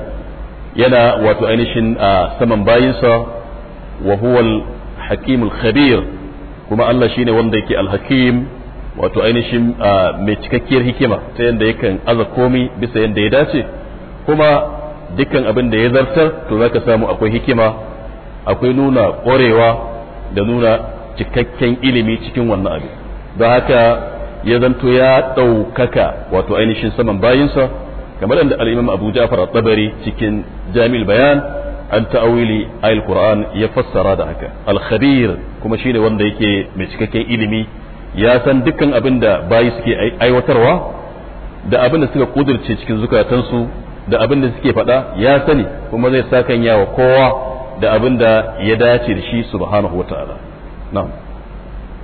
yana wato ainihin a ah, saman bayinsa Wahuwal huwal hakimul kuma Allah shine wanda yake alhakim wato ainihin mai cikakkiyar hikima ta yadda yakan aza komi bisa yadda ya dace kuma dukkan abin da ya zartar to zaka samu akwai hikima akwai nuna ƙwarewa da nuna cikakken ilimi cikin wannan abin don haka ya zanto ya ɗaukaka wato ainihin saman bayinsa kamar da al'imam abu ja'far at-tabari cikin jami'ul bayan an ta'awili ayil qur'an ya fassara da haka al khabir kuma shine wanda yake mai cikakken ilimi ya san dukkan abin da bayi suke aiwatarwa da abin da suka kudurce cikin zukatansu da abin da suke faɗa ya sani kuma zai sakan yawa kowa da abin da ya dace da shi subhanahu wataala na'am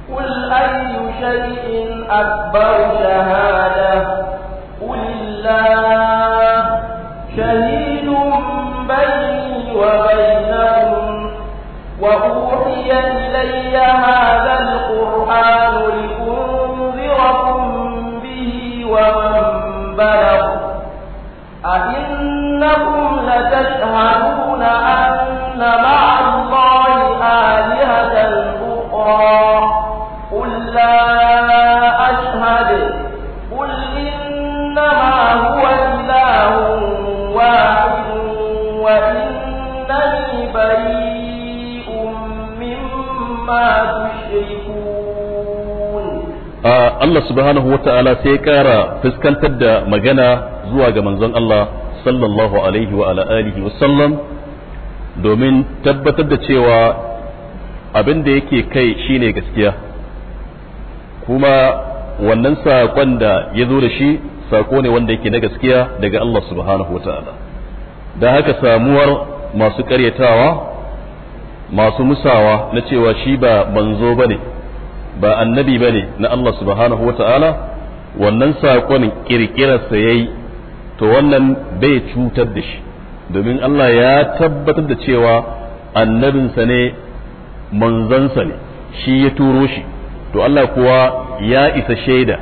قل أي شيء أكبر شهادة قل الله شهيد بين وبينهم وأوحي إلي هذا القرآن لأنذركم به ومن بلغ أئنكم لتشهدون أن مع الله آلهة أخرى قل لا عما تشركون آه sai ya ƙara fuskantar da magana zuwa ga manzon الله صلى الله عليه وعلى wa sallam, domin tabbatar da cewa abin da yake kai shine gaskiya kuma wannan saƙon da ya zo da shi saƙo ne wanda yake na gaskiya daga Allah subhanahu wa ta'ala da haka samuwar masu ƙaryatawa masu musawa na cewa shi ba manzo bane ba annabi bane na Allah subhanahu wata'ala wannan saƙon ƙirƙirarsa ya yi to wannan bai cutar da shi domin Allah ya tabbatar da cewa annabinsa ne manzansa ne shi ya turo shi to Allah kuwa ya isa shaida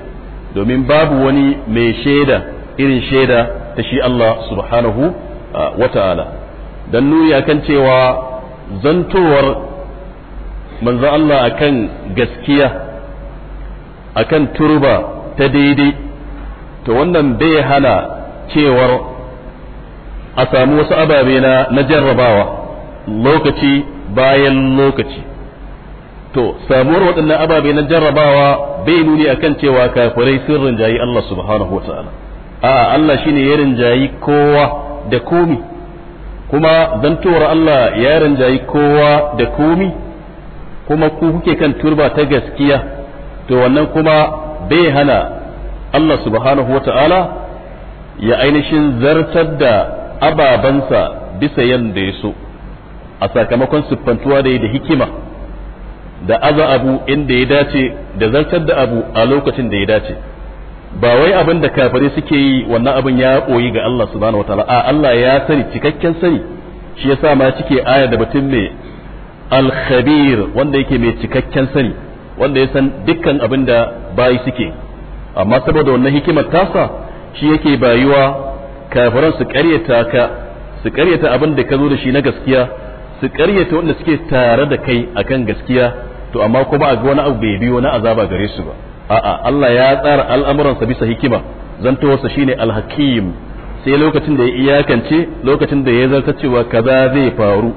domin babu wani mai shaida irin shaida ta shi Allah subhanahu ah, wa ta'ala don nuni kan cewa zantowar manzo Allah akan gaskiya akan turba ta daidai to wannan bai hana cewar a samu wasu ababe na jarrabawa lokaci bayan lokaci to samuwar waɗannan ababe na jarrabawa bai nuni akan cewa kafirai sun rinjayi Allah subhanahu wa ta'ala a'a Allah shine ya rinjayi kowa da komi kuma zantowar Allah ya rinjayi kowa da komi kuma ku kuke kan turba ta gaskiya to wannan kuma bai hana Allah subhanahu wa ta'ala ya ainihin zartar da ababansa bisa yanda ya so a sakamakon siffantuwa da da hikima da aza abu inda ya dace da zartar da abu a lokacin da ya dace. ba wai abin da kafare suke yi wannan abin ya koyi ga Allah subhanahu wataala a Allah ya sani cikakken sani shi yasa ma cike aya da batun mai al-khabir wanda yake mai cikakken sani wanda ya san dukkan abin da bayi suke amma saboda wannan hikimar tasa shi yake bayuwa kafiran su karyata ka su karyata abin da ka zo da shi na gaskiya su karyata wanda suke tare da kai akan gaskiya to amma kuma a ga wani abu bai biyo na azaba gare su ba a'a Allah ya tsara al'amuransa bisa hikima zantowarsa shine alhakim sai lokacin da ya iyakance lokacin da ya zarta cewa kaza zai faru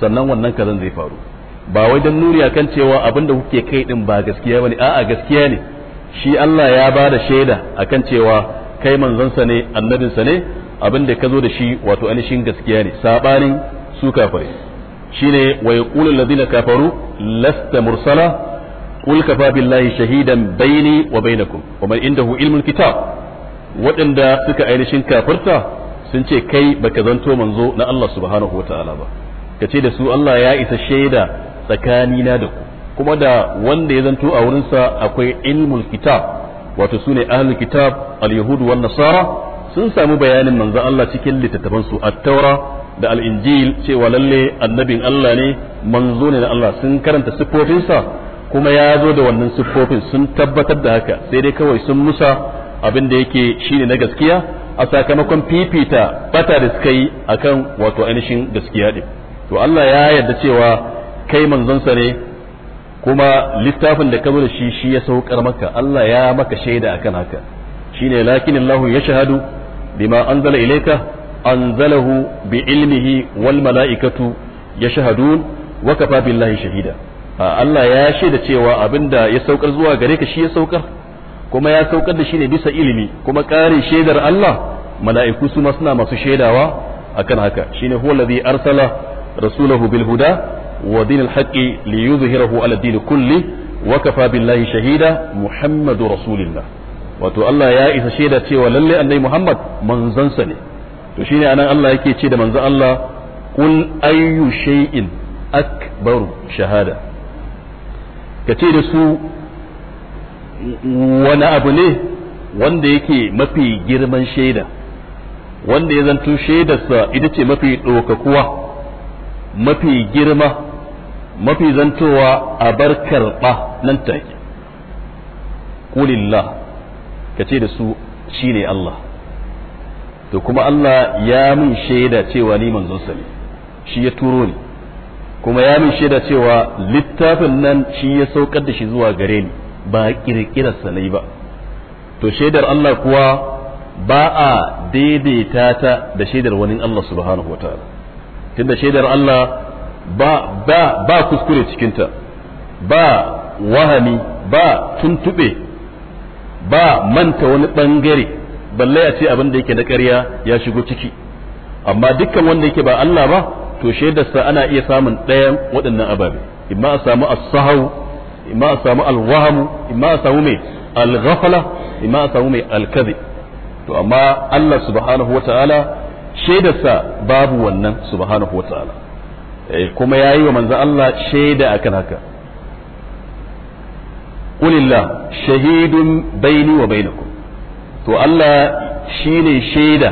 sannan wannan kazan zai faru ba wai dan nuriya kan cewa abin da kuke kai din ba gaskiya bane a'a gaskiya ne shi Allah ya ba da shaida akan cewa kai manzansa ne annabinsa ne abin da ka zo da shi wato anishin gaskiya ne sabanin su kafare shine wa yaqulu alladhina kafaru lasta mursala qul kafa billahi shahidan baini wa bainakum wa man indahu ilmul kitab waɗanda suka ainihin kafirta sun ce kai baka zanto manzo na Allah subhanahu wa ta'ala ba kace da su Allah ya isa shaida tsakanina da ku kuma da wanda ya zanto a wurinsa akwai ilmul kitab wato sune ahlul kitab al-yahudu wan nasara sun samu bayanin manzo Allah cikin littattafan su at-taura da al-injil cewa lalle annabin Allah ne manzo ne na Allah sun karanta sifofinsa kuma ya zo da wannan siffofin sun tabbatar da haka sai dai kawai sun musa abin da yake shine na gaskiya a sakamakon fifita bata da suka yi akan wato ainihin gaskiya din to Allah ya yarda cewa kai manzonsa ne kuma littafin da ka zo da shi shi ya saukar maka Allah ya maka shaida akan haka shine lakin Allah ya shahadu bima anzala ilayka anzalahu bi ilmihi wal malaikatu yashhadun wa kafa billahi shahida Allah ya shaida cewa abinda ya saukar zuwa gare ka shi ya saukar kuma ya saukar da shi ne bisa ilimi kuma ƙarin shaidar Allah mala'iku su ma suna masu shaidawa akan haka shine huwa allazi arsala rasulahu bil huda wa dinil haqqi li yuzhirahu ala din kulli wa kafa billahi shahida muhammadu rasulillah wato Allah ya isa shaida cewa lalle annabi Muhammad manzansa ne to shine anan Allah yake ce da manzon Allah kul ayyu shay'in akbaru shahada ka ce da su wani abu ne wanda yake mafi girman shaida wanda ya zanto shaidarsa ita ce mafi ɗaukakuwa mafi girma mafi zantowa a bar karɓa nan take kulillah ka ce da su shine Allah to kuma Allah ya mun shaida cewa ni manzon sa ne shi ya turo ni kuma ya min shaida cewa littafin nan shi ya saukar da shi zuwa gare ni ba ƙirƙirarsa na ba to shaidar Allah kuwa ba a daidaita ta da shaidar wani Allah subhanahu wataala tunda shaidar Allah ba ba ba kuskure cikinta ba wahani ba tuntube ba manta wani ɓangare. balle a ce abin da yake na ƙarya ya shigo ciki amma dukkan wanda yake ba Allah ba to shaidarsa ana iya samun ɗayan waɗannan ababe imma a samu as-sahaw imma a samu al-wahm imma a samu mai al-ghafala imma a samu mai al-kadhib to amma Allah subhanahu wata'ala shaidarsa babu wannan subhanahu wata'ala eh, kuma yayi wa manzo Allah shaida akan haka qulillah shahidun baini wa bainakum to Allah shine shaida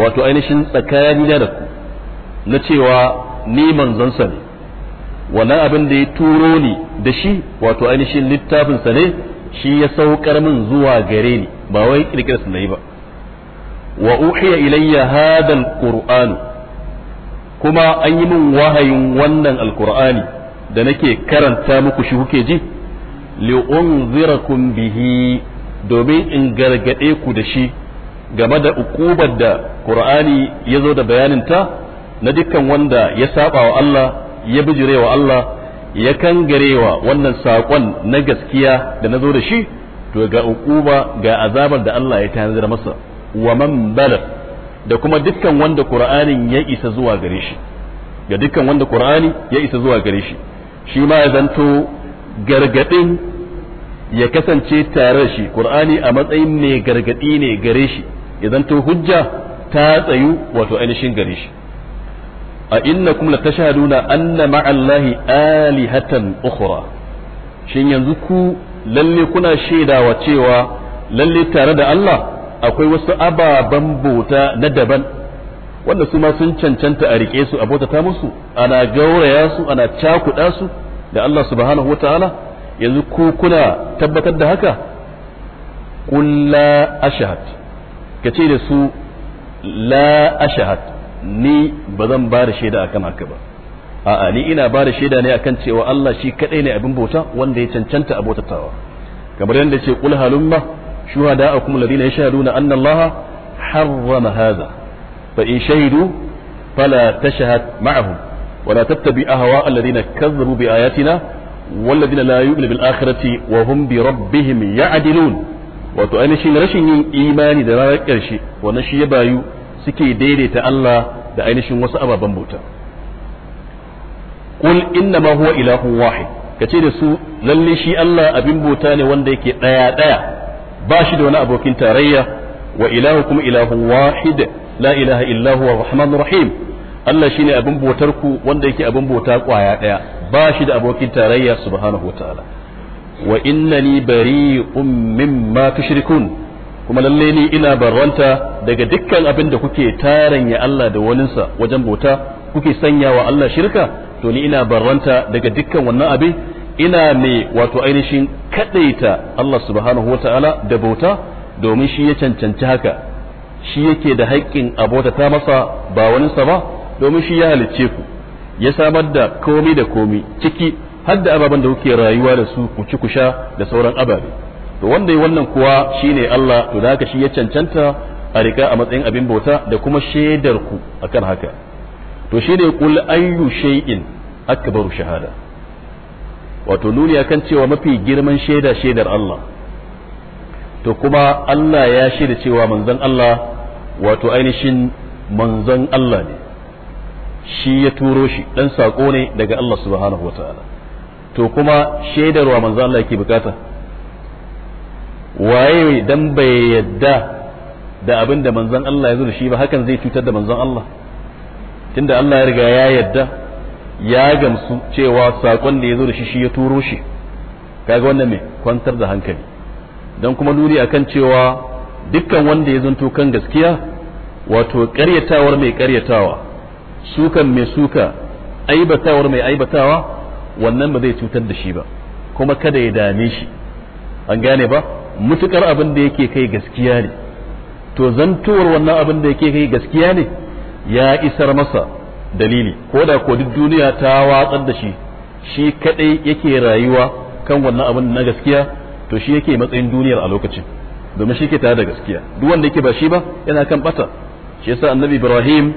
wato ainihin tsakanina da ku na cewa ni manzonsa ne wannan abin da ya turo ni da shi wato ainihin littafinsa ne shi ya saukar min zuwa gare ni ba wai kirkira su yi ba wa uhiya ilayya hadal qur'an kuma an yi min wahayin wannan alqur'ani da nake karanta muku shi kuke ji unzirakum bihi domin in gargade ku da shi game da ukubar da qur'ani ya zo da bayanin ta. na dukkan wanda ya saba wa Allah ya bijirewa Allah ya kangarewa wannan saƙon na gaskiya da na zo da shi to ga uquba ga azabar da Allah ya tanzar masa wa man bala da kuma dukkan wanda Qur'anin ya isa zuwa gare shi ga dukkan wanda Qur'ani ya isa zuwa gare shi shi ma ya zanto gargadin ya kasance tare shi Qur'ani a matsayin mai gargadi ne gare shi ya zanto hujja ta tsayu wato ainihin gare shi a inna innakum latashhaduna anna allahi alihatan ukhra shin yanzu ku lalle kuna shaidawa cewa lalle tare da Allah akwai wasu ababen bauta na daban wanda su ma sun cancanta a rike su a bautata musu ana gauraya su ana cakuɗa su da Allah subhanahu wataala yanzu ku kuna tabbatar da haka qul la ashhad kace da su la ashhad ni ba zan ba da shaida akan haka ba a'a ni ina ba da shaida ne akan cewa Allah shi kadai ne abin bauta wanda ya cancanta a bautatawa kamar yadda ce qul halumma shuhada'akum alladhina yashhaduna anna Allah harrama hadha fa in shahidu fala tashhad ma'ahum ولا تتبع أهواء الذين كذبوا بآياتنا والذين لا يؤمنون بالآخرة وهم بربهم يعدلون wato ainihin rashin yin imani da ranar ƙarshe shi ya bayu suke daidaita Allah da ainihin wasu ababen bauta qul innama huwa ilahun wahid kace da su lalle shi Allah abin bauta ne wanda yake daya daya ba shi da wani abokin tarayya wa ilahukum ilahun wahid la ilaha illa huwa rahmanur rahim Allah shine abin bautar ku wanda yake abin bauta kwaya daya ba shi da abokin tarayya subhanahu ta'ala. wa innani bari'un mimma tushrikun kuma lalle ni ina barranta daga dukkan abin da kuke taranya Allah da waninsa wajen bota kuke sanya wa Allah shirka to ni ina barranta daga dukkan wannan abin ina ne wato ainihin kadaita Allah subhanahu wataala da bota domin shi ya cancanci haka shi yake da haƙƙin abota ta masa ba waninsa ba domin shi ya halicce ku ya samar da komai da komi ciki har da ababen da kuke rayuwa da su ku ci ku sha da sauran ababe to wanda yi wannan kuwa shine Allah to da haka shi ya cancanta a riga a matsayin abin bauta da kuma shaidar ku akan haka to shi ne kul ayyu shay'in akbaru shahada wato nuni akan cewa mafi girman shaida shaidar Allah to kuma Allah ya shaida cewa manzon Allah wato ainihin manzon Allah ne shi ya turo shi dan sako ne daga Allah subhanahu wataala to kuma shaidarwa manzon Allah yake bukata waye dan bai yadda da abin da manzon Allah ya zo da shi ba hakan zai cutar da manzon Allah tunda Allah ya riga ya yadda ya gamsu cewa sakon da ya zo da shi shi ya turo shi kaga wannan me kwantar da hankali dan kuma duri akan cewa dukkan wanda ya zanto kan gaskiya wato ƙaryatawar mai ƙaryatawa sukan mai suka aibatawar mai aibatawa wannan ba zai cutar da shi ba kuma kada ya dame shi an gane ba mutukar abin da yake kai gaskiya ne to zantowar wannan abin da yake kai gaskiya ne ya isar masa dalili ko da ko duk duniya ta watsar da shi shi kadai yake rayuwa kan wannan abin na gaskiya to shi yake matsayin duniyar a lokacin domin shi ke tare da gaskiya duk wanda yake ba shi ba yana kan bata shi yasa annabi ibrahim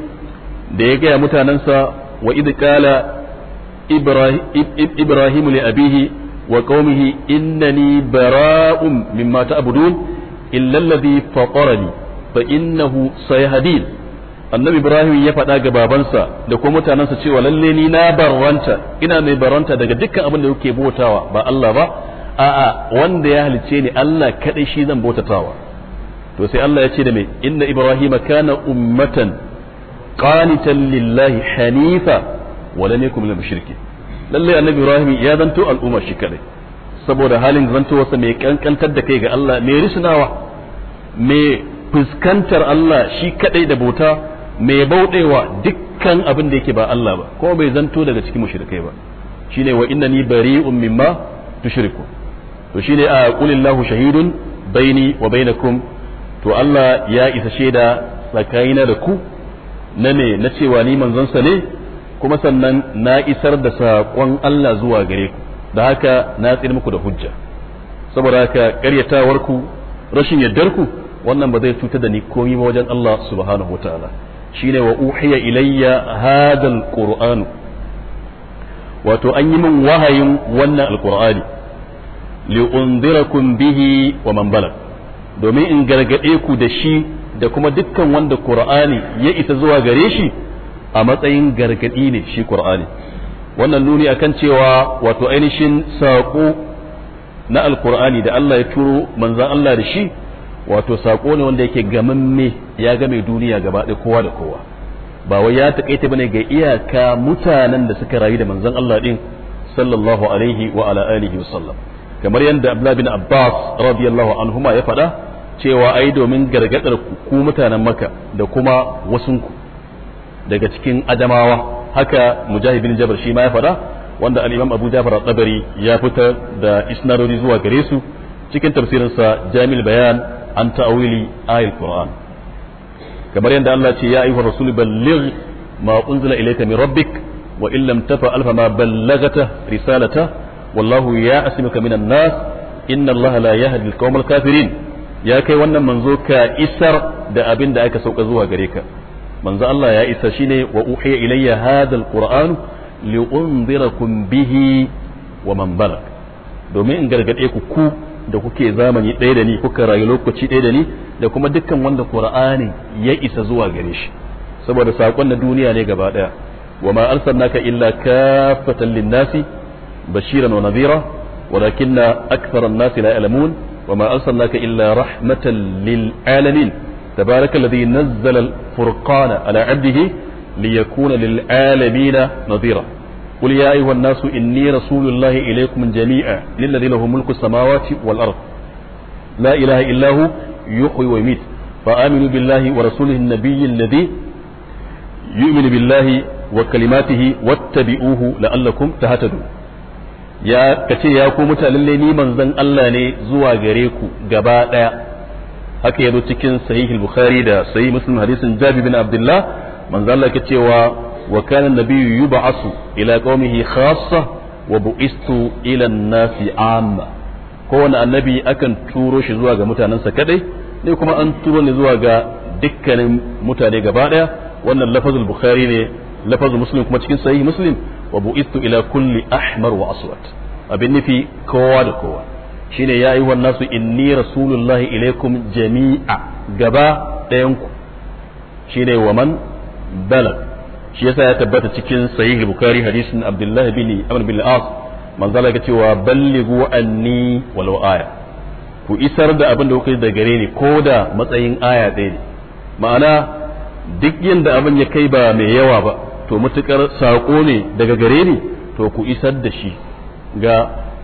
da ya gaya mutanensa wa idh qala ibrahim li abihi wa qaumihi innani bara'un mimma ta'budun illa alladhi fatarani fa innahu sayahdin annabi ibrahim ya faɗa ga babansa da kuma mutanensa cewa lalle ni na baranta ina mai barranta daga dukkan abin da kuke bautawa ba Allah ba a'a wanda ya halice ni Allah kadai shi zan bautatawa to sai Allah ya ce da mai inna ibrahim kana ummatan qanitan lillahi hanifa wa lam yakun minal lallai annabi ibrahim ya zanto al'umma shi kadai saboda halin zantowarsa mai kankantar da kai ga Allah mai risnawa mai fuskantar Allah shi kadai da bauta mai bauɗewa dukkan abin da yake ba Allah ba kuma bai zanto daga cikin mushrikai ba shine wa innani bari'un mimma tushriku to shine a qulillahu shahidun baini wa bainakum to Allah ya isa shaida tsakanina da ku na ne na cewa ni manzon sa ne kuma sannan na isar da saƙon Allah zuwa gare ku da haka na tsira muku da hujja saboda haka ƙaryatawarku rashin yardarku wannan ba zai cutar da ni komai ma wajen Allah subhanahu wataala shine wa uhiya ilayya hadal qur'anu wato an yi min wahayin wannan alqur'ani li undirakum bihi wa man balag domin in gargade ku da shi da kuma dukkan wanda qur'ani ya isa zuwa gare shi a matsayin gargadi ne shi qur'ani wannan nuni akan cewa wato ainihin sako na alqur'ani da Allah ya turo manzan Allah da shi wato sako ne wanda yake me ya game duniya gaba ɗaya kowa da kowa ba wai ya takaita bane ga iyaka mutanen da suka rayu da manzan Allah din sallallahu alaihi wa ala alihi wa sallam kamar yadda Abdullah bin Abbas radiyallahu anhuma ya faɗa cewa ai domin gargadar ku mutanen Makka da kuma wasunku daga cikin adamawa haka mujahid bin jabar shi ma ya faɗa wanda al-imam abu jafar tabari ya fitar da isnadori zuwa gare su cikin tafsirinsa jamil bayan an ta'awili ayil qur'an kamar yadda Allah ce ya ayyuhar rasul balligh ma unzila ilayka min rabbik wa in lam tafa'al fa ma ballagata risalata wallahu ya asimuka minan nas inna Allah la yahdi al-qawmal kafirin ya kai wannan manzo ka isar da abin da aka sauka zuwa gare ka manzo Allah ya isa shine wa uhiya ilayya hadha alquran li unzirakum bihi wa man balag domin in gargade ku ku da kuke zamani ɗaya da ni kuka rayu lokaci ɗaya da ni da kuma dukkan wanda qur'ani ya isa zuwa gare shi saboda sakon na duniya ne gaba daya wa ma arsalnaka illa kaffatan linnasi nasi bashiran wa nadhira walakinna akthara an-nasi la ya'lamun wa ma arsalnaka illa rahmatan lil-alamin تبارك الذي نزل الفرقان على عبده ليكون للعالمين نذيرا قل يا أيها الناس إني رسول الله إليكم جميعا للذي له ملك السماوات والأرض لا إله إلا هو يحيي ويميت فآمنوا بالله ورسوله النبي الذي يؤمن بالله وكلماته واتبعوه لعلكم تهتدون يا كتي يا كو متى للي من زن الله ني زوا غريكو غبا haka yazo cikin sahih al-bukhari da sahih muslim hadisin jabi bin abdullah manzo Allah yake cewa wa kana an-nabiyyu yub'asu ila qaumihi khassa wa bu'istu ila an-nasi amma kowane annabi akan turo shi zuwa ga mutanensa kadai ne kuma an turo ni zuwa ga dukkanin mutane gaba daya wannan lafazul bukhari ne lafazul muslim kuma cikin sahih muslim wa bu'istu ila kulli ahmar wa aswad abin nufi kowa da kowa shine ya yi wannan su inni rasulullahi ilaikum jami'a gaba ɗayanku shine wa man balag shi yasa ya tabbata cikin sahih bukhari hadisin abdullahi bin amr bin al-as manzala ga cewa ballighu anni walau aya ku isar da abin da kuka da gare ni ko da matsayin aya ɗaya ne ma'ana duk yanda abin ya kai ba mai yawa ba to mutukar saƙo ne daga gare ni to ku isar da shi ga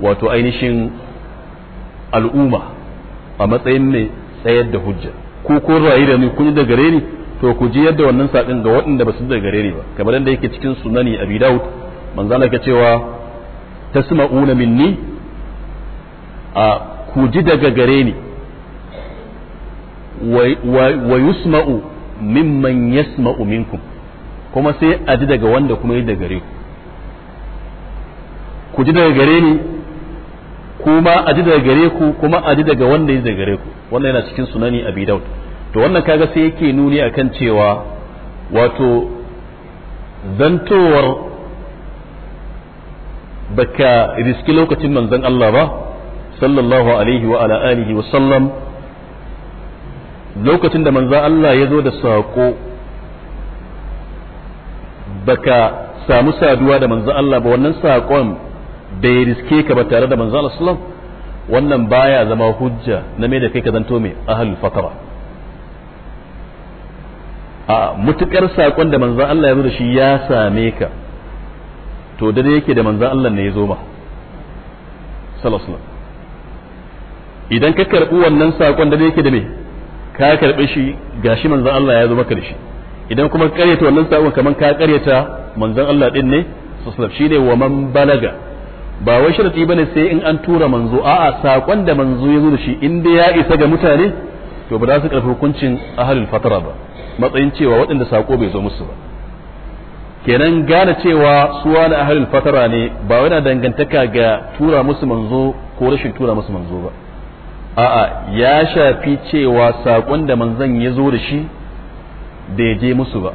wato ainihin al'umma a matsayin mai tsayar da hujja ko ko rayu da ni kun da gare ni to ku ji yadda wannan sadin ga waɗanda ba su da gare ni ba kamar yadda yake cikin sunani abi daud manzo Allah cewa tasma'una minni a ku ji daga gare ni wa yusma'u mimman yasma'u minkum kuma sai a ji daga wanda kuma yi da gare ku ku ji daga gare ni kuma a ji daga gare ku kuma a ji daga wanda ya daga gare ku wannan yana cikin sunani abi daud to wannan kaga sai yake nuni akan cewa wato zantowar baka riski lokacin manzon Allah ba sallallahu alaihi wa ala alihi wa sallam lokacin da manzon Allah ya zo da sako baka samu saduwa da manzon Allah ba wannan sakon bai riske ka ba tare da manzo sallallahu wannan baya zama hujja na me da kai ka zanto mai ahlul fatara a mutukar sakon da manzo Allah ya zo da shi ya same ka to da yake da manzo Allah ne ya zo ma sallallahu idan ka karbi wannan sakon da yake da me ka karbi shi gashi manzo Allah ya zo maka da shi idan kuma ka karyata wannan sakon kaman ka karyata manzon Allah din ne sallallahu shine wa man balaga ba wai sharadi bane sai in an tura manzo a'a sakon da manzo ya zo da shi in da ya isa ga mutane to ba za su karfi hukuncin ahlul fatara ba matsayin cewa waɗanda sako bai zo musu ba kenan gane cewa su wani ahlul fatara ne ba wani dangantaka ga tura musu manzo ko rashin tura musu manzo ba a'a ya shafi cewa sakon da manzon ya zo da shi bai je musu ba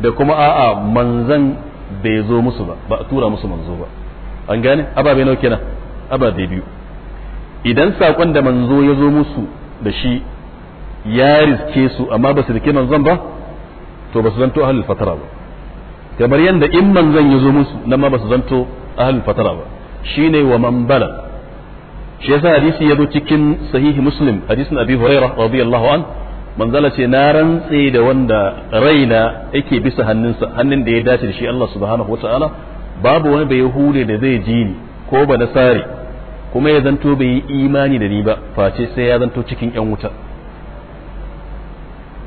da kuma a'a manzon bai zo musu ba ba tura musu manzo ba an gane ababe nawa kenan ababe biyu idan saƙon da manzo ya zo musu da shi ya riske su amma ba su rike manzon ba to ba su zanto ahlul fatara ba kamar yadda in manzon ya zo musu nan ma ba su zanto ahlul fatara ba ne wa man bala shi yasa hadisi ya zo cikin sahihi muslim hadisin abi huraira radiyallahu an manzala ce na rantse da wanda raina yake bisa hannunsa hannun da ya dace da shi Allah subhanahu babu wani bai yahude da zai ji ni ko ba sare kuma ya zanto bai yi imani da ni ba face sai ya zanto cikin yan wuta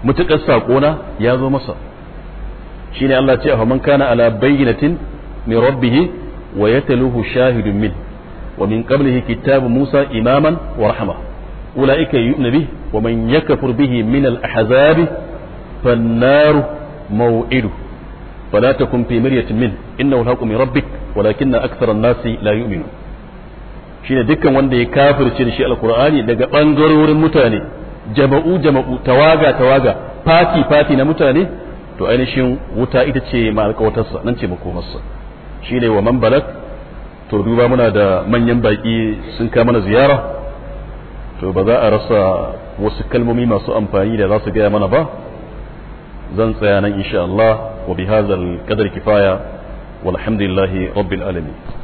mutukar saƙona ya zo masa shine Allah ce fa man kana ala bayyinatin min rabbihi wa yataluhu shahidun min wa min qablihi kitabu Musa imaman wa rahma ulaika yu'minu bih wa man yakfur bihi min al-ahzabi fan-nar فلا تكن في مرية منه إنه الحق من ربك ولكن أكثر الناس لا يؤمنون shine dukkan wanda ya kafirce da shi alkur'ani daga bangarorin mutane jama'u jama'u tawaga tawaga fati fati na mutane to ainihin wuta ita ce ma'alkawatarsa nan ce makomarsa shine wa man to duba muna da manyan baki sun kama mana ziyara to ba za a rasa wasu kalmomi masu amfani da za su gaya mana ba zan tsaya nan insha Allah وبهذا القدر كفاية والحمد لله رب العالمين